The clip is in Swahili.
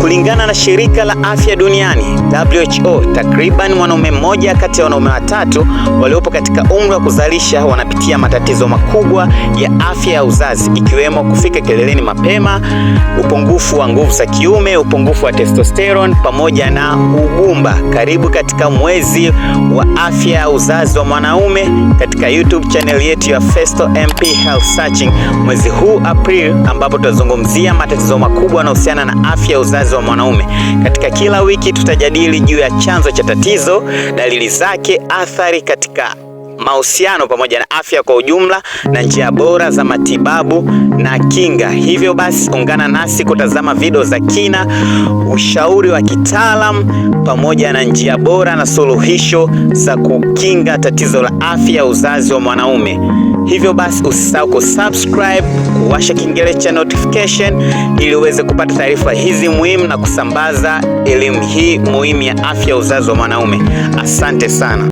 Kulingana na shirika la afya duniani WHO, takriban mwanaume mmoja kati ya wanaume watatu waliopo katika umri wa kuzalisha wanapitia matatizo makubwa ya afya ya uzazi, ikiwemo kufika kileleni mapema, upungufu wa nguvu za kiume, upungufu wa testosterone pamoja na ugumba. Karibu katika mwezi wa afya ya uzazi wa mwanaume katika YouTube channel yetu ya Festo MP Health Searching mwezi huu April, ambapo tutazungumzia matatizo makubwa yanayohusiana na afya ya uzazi uzazi wa mwanaume. Katika kila wiki tutajadili juu ya chanzo cha tatizo, dalili zake, athari katika mahusiano pamoja na afya kwa ujumla na njia bora za matibabu na kinga. Hivyo basi, ungana nasi kutazama video za kina, ushauri wa kitaalam pamoja na njia bora na suluhisho za kukinga tatizo la afya ya uzazi wa mwanaume. Hivyo basi usisahau kusubscribe, kuwasha kingele cha notification ili uweze kupata taarifa hizi muhimu na kusambaza elimu hii muhimu ya afya uzazi wa mwanaume. Asante sana.